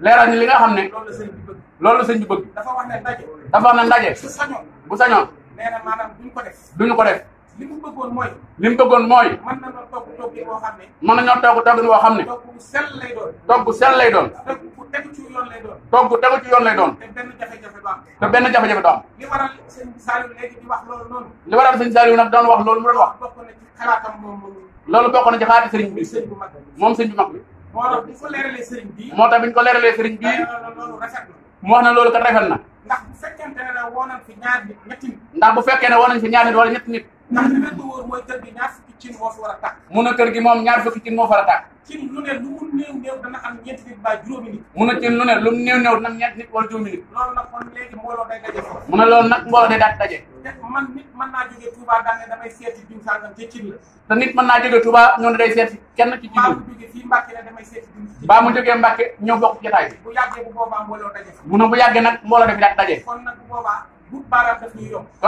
leeral ni li nga xam ne loolu la sëñ bi bëgg la sëñ bi bëgg dafa wax ne ndaje dafa wax sañoon bu sañoon ko def duñu ko def li mu bëggoon mooy li mu bëggoon mooy mën nañoo togg toggin woo xam ne mën nañoo togg toggin woo xam ne togg bu sell lay doon togg lay doon togg bu tegu ci yoon lay doon yoon lay doon te benn jafe-jafe du te benn jafe-jafe du am li waral sëñ Saliou léegi di wax loolu nag doon wax loolu mu doon wax bokk na ci xalaatam moom loolu bokk na ci xalaati sëriñ moom sëñ bu mag bi moo tax bi ñu ko leeralee sëriñ bi moo tax bi ko leeralee sëriñ bi mu wax na loolu kat rafet na. ndax bu fekkente ne woo nañ fi ñaar nit ñetti nit. ndax bu fekkee ne woo nañ fi ñaar nit wala ñetti nit. ndax mooy kër gi ñaar cin moo fi a tàkk mun na kër gi moom ñaar fukki cin moo fa a tàkk cin lu ne lu mu néew néew dana am ñeenti nit ba mun na ne lu mu néew néew dana am nit wala juróomi nit mun na loolu nag mbooloo day daje man nit mën naa jógee Touba daan ne damay seeti diw sàngam ca cin la te nit mën naa jógee Touba ñoo ne day seeti kenn ci jiw mu jógee fii Mbàkke la damay seeti diw baa mu jógee Mbàkke ñëw bokk jotaay bi bu yàggee bu boobaa mbooloo daje fa mun na bu yàggee nag mbooloo dafi daat daje kon nag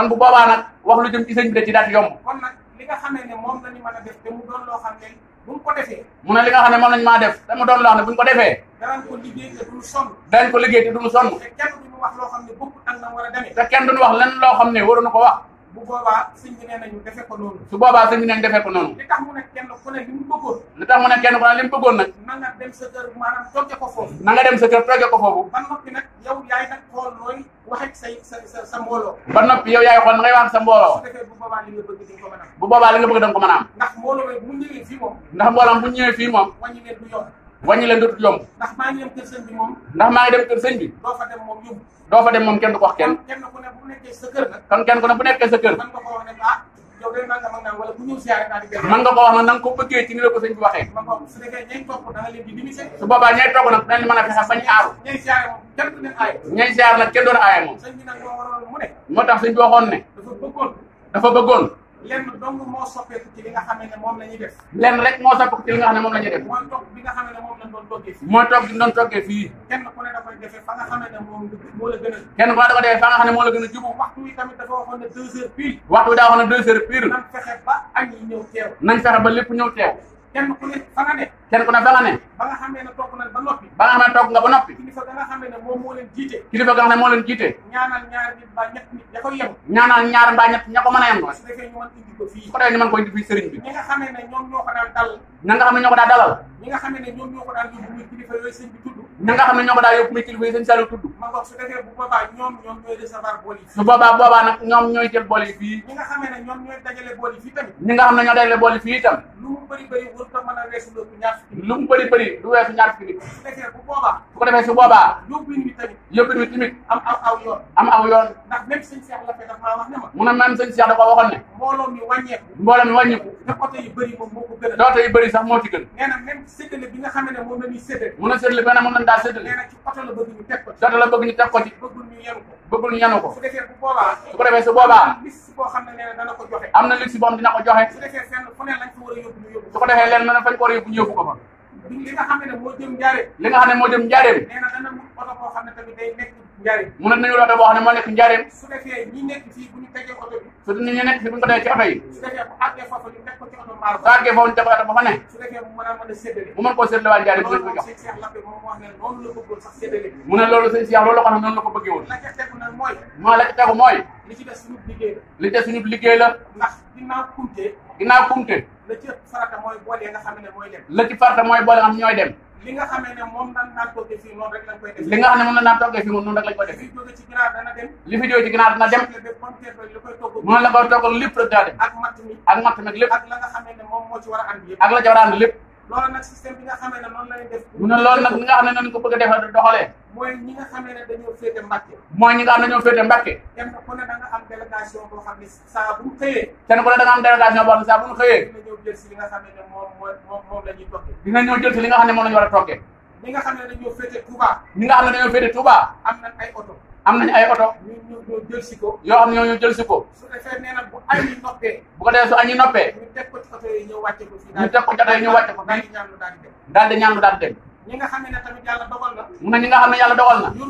bu boobaa nag wax lu jëm ci bi da ci daat yomb kon li nga xam ne moom lañu mën a def te mu doon loo xam ne buñ ko defee mu ne li nga xam ne moom lañu maa def te mu doon loo xam ne buñ ko defee danañ ko liggéey te duñu sonn danañ ko liggéey te duñu sonn te kenn duñu wax loo xam ne bokkul ak na war a demee te kenn duñu wax lenn loo xam ne waruñu ko wax bu boobaa sëñ bi nee nañu defee ko noonu su boobaa sëñ bi nee nañu defee ko noonu li tax mu ne kenn ku ne li mu bëggoon li tax mu ne kenn ku ne li mu bëggoon nag na nga dem sa kër maanaam togge ko foofu na nga dem sa kër togge ko foofu ba noppi nag yow yaay nag xool nooy wax ak say sa sa sa mbooloo ba noppi yow yaay xool na ngay wax ak sa mbooloo su defee bu boobaa li nga bëgg di nga ko mën a am bu boobaa li nga bëgg da nga ko mën a am ndax mbooloo bu ñëwee fii moom ndax mbooloom bu ñëwee fii moom wàññi leen du yoon wàññi leen dootul yomb. ndax maa ngi dem kër sëñ moom. ndax maa dem kër sëñ bi. doo fa dem moom yóbbu. doo fa dem moom kenn du ko wax kenn. kon kenn ku ne bu nekkee sa kër nag. bu nekkee sa man nga ko wax ne ah yow day nangam ak nangam wala bu ñëw siyaare daal na nga ko bëggee ci ni la ko sëñ bi su nekkee ñay topp nag dinañ mën a fexe bañ aaru. ñay siyaare moom kenn nag kenn doon aaye moom. sëñ moo waroon mu ne. moo tax sëñ bi waxoon ne. dafa dafa bëggoon lenn dong moo soppeeku ci li nga ne moom la ñuy def. lenn rek moo soppeeku ci li nga xam ne moom la ñuy def. mooy toog bi moom lañ doon toggee fii. mooy kenn ku ne dafay defee fa nga xam ne moom la gën a. kenn a jubu. waxtu wi tamit dafa waxoon ne deux heures waxtu wi daa waxoon ne deux heures pile. ba añ yi ñëw teew. nañ fexe ba lépp ñëw teew. kenn ku ne fa nga ne. ba nga xamee ne toog nañ ba noppi. ba nga xam ne toog nga ba noppi. kilifa ga nga xam ne moom moo leen jiite. kilifa ga nga xam ne moo leen jiite. ñaanal ñaar nit mbaa ñett nit ña koy yem. ñaanal ñaar mbaa ñett ña ko mën a yem. su defee ñu mën indi ko fii. su ko defee ñu mën ko indi fii sëriñ bi. ñi nga xam ne ñoom ñoo ko daan dalal. ña nga xam ne ñoo ko daan dalal. ñi nga xam ne ñoom ñoo ko daan yóbbu muy kilifa yooyu sëñ bi tudd. ña nga xam ne ñoo ko daan yóbbu muy kilifa yooyu sëñ Saliou tudd. ma wax su defee bu boobaa ñoom ñoom ñooy recevoir bool yi. su boobaa boobaa nag ñoom ñooy jël bool yi fii. ñi nga xam ne ñoom ñooy dajale bool yi fii tamit. ñi nga xam ne ñoo dajale bool yi fii itam. bëri bëri wër ko mën a weesu lu ñaar fukki lu mu bëri bëri du weesu ñaar fukki nit bu defee bu boobaa bu ko defee su boobaa yóbbin bi tamit yóbbin bi tamit am aw aw yoon am aw yoon ndax même sëñ Cheikh la fay daf maa wax ne ma mu ne même sëñ Cheikh da ko waxoon ne mbooloo mi wàññeeku mbooloo mi wàññeeku te oto yu bëri moom moo ko gën a oto yu bëri sax moo ci gën nee na même séddale bi nga xam ne moom la ñuy séddale mu ne séddale bi nga ne moom lañ daa séddale nee na ci oto la bëgg ñu teg ko ci oto la bëgg ñu teg ko ci bëggul ñu yenu ko bëggul ñanu ko. su defee bu boobaa. su ko defee su boobaa. liste boo xam na dana ko am na liste boo xam dina ko joxe. su defee fenn a yóbbu ñu yóbbu. su ko defee lenn mën na fañ ko war a yóbbu ko fa. li nga xam ne moo jëm njaare li nga xam ne moo jëm njaareem nee na dana mu oto boo xam ne tamit day nekk njaareem mu ne nañu oto boo xam ne moo nekk njaareem su defee ñi nekk fii bu ñu tegee oto bi su ñu nekk fii bu ñu ko tegee ci oto yi su defee bu àggee foofu ñu teg ko ci oto mbaar su àggee foofu ñu teg ko oto ba fa ne su defee mu mën a mën a séddale mu mën koo séddale waa njaareem seen ko jox mu ne loolu sëñ Cheikh loolu la ko noonu la ko bëggee woon la ca tegu nag mooy moo la ca tegu mooy li ci des suñu liggéey la li des suñu liggéey la ndax ginnaaw kumte ginnaaw kumte la ci farata mooy boole nga xam ne mooy dem. la nga xam li ne moom nan naan toggee xam ne moom nan naan toggee fii moom noonu fi jóge ci ginaar dana dem li fi jóge ci ginaar dana dem moom la koy toggal lépp rek daa ak matt mi ak matt mi lépp ak la nga xamee moo ci a lépp loolu nag système bi nga xamee ne moom la ñu def. mu ne loolu nag li nga xam ne nañ ko bëgg a defal doxalee. mooy ñi nga xamee ne dañoo féete Mbàkke. mooy ñi nga xam ne dañoo féete Mbàkke. kenn ku ne da nga am délégation boo xam ne saa bu xëyee. kenn ku ne da nga am délégation boo xam ne saa bu xëyee. dina ñëw jël si li nga xam ne moom moom moom la ñuy toggee. dina ñëw jël si li nga xam ne moom la ñu war a toggee. ñi nga xam ne dañoo féete Touba. ñi nga xam ne dañoo féete Touba. am nañ ay oto. am nañu ay oto. ñoo ñoo si ko. yoo xam ñoo ñu jël si ko. su defee ñu noppee. bu ko defee su ñu noppee. ñu teg ko ci ko fii. ñu teg ko ci oto yi ñëw wàcce ko daal di ñaan lu daal dem. ñi nga xam ne tamit yàlla dogal na. xam ne yàlla dogal na. yor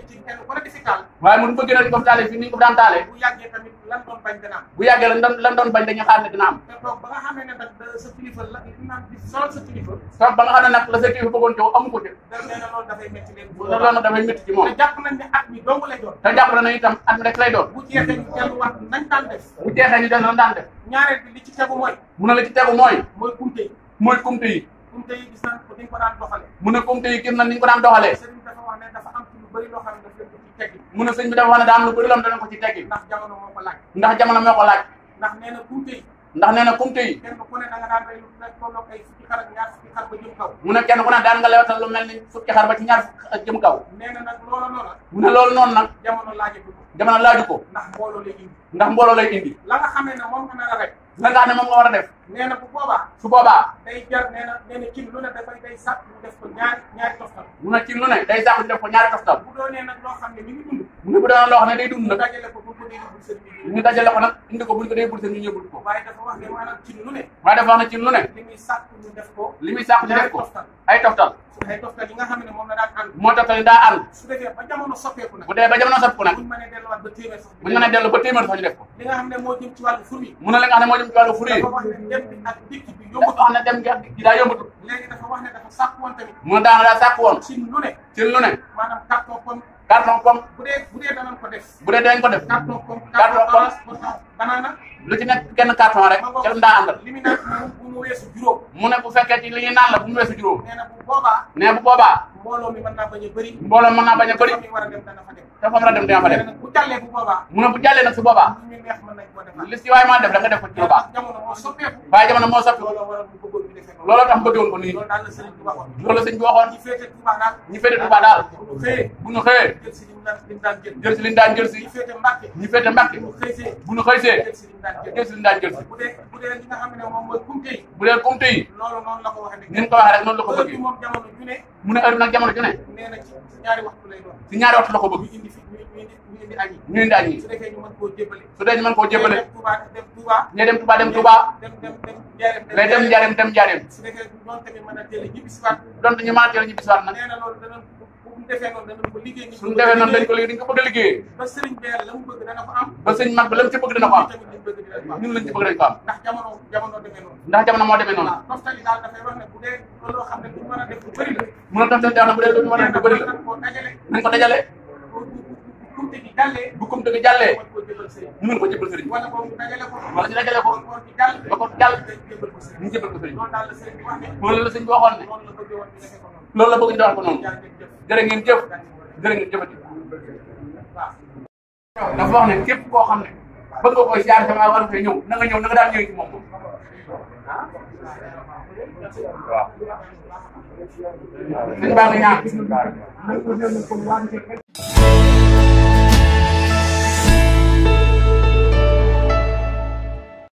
waaye mun bëgg nañ ko taale fii ni ñu ko daan taale bu yàggee tamit lan doon bañ dina am bu yàggee lan lan doon bañ dañu xaar ne dina am toog ba nga xam ne nag sa kilifa la sonal sa kilifa toog ba nga xam ne nag la sa kilifa bëggoon coow amu ko ci loolu dafay métti leen loolu dafay métti ci moom te jàpp nañ ne at mi dong lay doon te jàpp nañ itam at mi rek lay doon bu jeexee ñu delluwaat nañ daan def bu jeexee ñu dellu nañ daan def ñaareel bi li ci tegu mooy mu ne la ci tegu mooy mooy kumte yi mooy kumte yi kumte yi gis nañ ko ni ñu ko daan doxalee mu ne kumte yi gis nañ ni ñu ko daan doxalee bëri loo xam ne daf leen ko ci teggi mun na sëñ bi dafa wax ne daa lu bëri loo xam ne ko ci teggi ndax jamono moo ko laaj ndax jamono moo ko laaj ndax nee na kumte yi ndax nee na kumte yi kenn ku ne da nga daan rey lu tolloog ay mu ne kenn ku ne daan nga lewatal lu mel ni fukki xar ba ci ñaar fukki jëm kaw nee na nag loola noona mu ne loolu noonu nag jamono laajatu ko ndax mbooloo lay ndax mbooloo lay indi la xamee ne moom nga nar a rek la nga xam ne moom nga war a def nee na bu boobaa. su boobaa. day jar nee na nee na ci lu ne dafay day sax mu def ko ñaari ñaari toftal. mu ne ci lu ne day sax mu def ko ñaari toftal. bu doonee nag loo xam ne mi ngi dund. mu ne bu doonee loo xam ne day dund nag. ñu dajale ko buñ ko dee bul seen bi. ñu dajale ko nag indi ko buñ ko dee bul seen ñu ñëbul ko. waaye dafa wax ne maanaam ci lu ne. waaye dafa wax ne ci lu ne. li muy sàkk ñu def ko. li muy sàkk ñu def ko ay toftal. ay toftal yi nga xam ne moom la daan ànd. moo toftal yi daa ànd. su defee ba jamono soppeeku nag. bu dee ba jamono soppeeku nag. buñ mënee delluwaat ba téeméer sax. buñ mënee dellu ba téeméer sax ñu def ko. li nga xam ne moo jëm ci wàllu fur yi. mu ne la nga xam ne moo jëm ci wàllu fur yi. dem bi ak dikk na dem ngi ak dikk bi daa yombatu léegi dafa wax mu daana daa sàkk woon ci lu ne ci lu ne maanaam carton pomme carton pomme bu dee bu dee ko def bu dee danañ ko def carton pomme carton pomme banaana lu ci nekk kenn carton rek ca daa li mu naan bu mu ne bu fekkee ci li ñuy la bu mu weesu juróom nee na bu boobaa nee bu boobaa mbooloo mi naa bañ a bëri mbooloo mën naa dem dina fa dem bu jàllee bu boobaa mu ne bu jàllee maa def da nga def ko ci lu baax moo soppi looloo tax bëggoon ko nii loolu sëñ bi waxoon ñi féete Tuubaa daal bu ñu jël si liñ daan jël si. ñu féete Mbàkke ñu féete si liñ si liñ daan si. bu dee bu dee li ko waxee. ni ko waxee rek mu ne heure nag jamono ju ñaari waxtu lay doon. ñu indi fi ñu dee ñu mën koo jébbale. ñee dem Touba dem Touba. dem dem dem dem Njaareem dem Njaareem. ñu mën a teel a ñibbisiwaat. a a na bu ñu defee noonu danañ ko liggéey. suñu defee noonu dañ ko liggéey dañ a liggéey. ba sëriñ beer la mu bëgg dana ko am. ba sëriñ mag la mu ci bëgg dana ko am. ndax jamono moo demee noonu. waaw toftali daal dafay wax ne bu dee looloo xam ne lu ñu mën a def daal bu dee lu ñu mën a def lu bëri la. nañ ko dajale. ko jëbal loolu la bëgg ñu doxal ko noonu jërë ngeen jëf jërë ngeen jëfati dafa wax ne képp koo xam ne bëgg nga koy jaar sama war fee ñëw na nga ñëw na nga daan ñëw ci